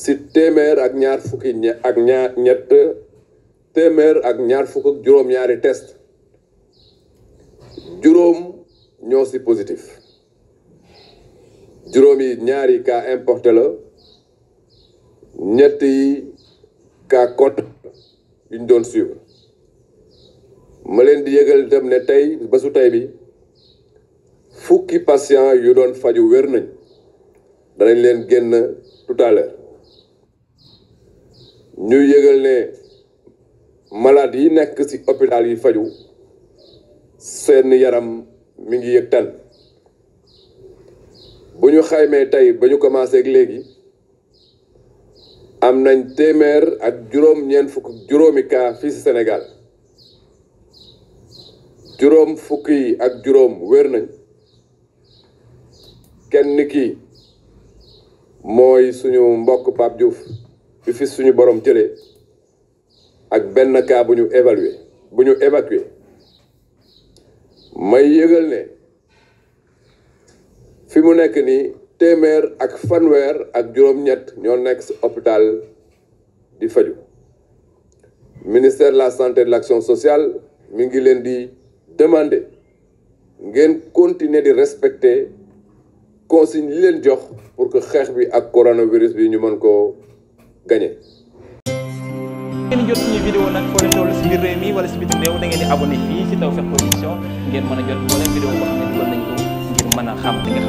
si téeméer ak ñaar fukki ak ñaari test juróom ñoo si positif juróom yi ñaari cas importé la ñett yi cas cote yuñ doon suivre ma leen di yëgal dem ne tey ba su tey bi fukki patient yu doon faju wér nañ danañ leen génn tout ñu yëgal ne malade yi nekk ci hôpital yi faju seen yaram mi ngi yëg tan bu ñu xaymee tey ba ñu commencé ak léegi am nañ téeméer ak juróom ñeent fukk fii ci Sénégal juróom ak juróom wér nañ kenn ki mooy suñu mbokk Pape Diouf bi suñu borom jëlee ak benn cas bu ñu évaluer bu ñu évacuer may yëgal ne fi mu nekk nii téeméer ak fanweer ak juróom-ñett ñoo nekk si hôpital di faju ministère de la santé et de l'action sociale mi ngi leen di demander ngeen continuer di respecter consigne li leen jox pour que xeex bi ak coronavirus bi ñu mën koo gagné. ngeen jot suñu vidéo nag foo leen toll si biir réew mi wala si bitim réew da ngeen di abonné fii si Tawfekh Production a jot moo leen vidéo boo xam ne dugal nañ ko ngir mën a xam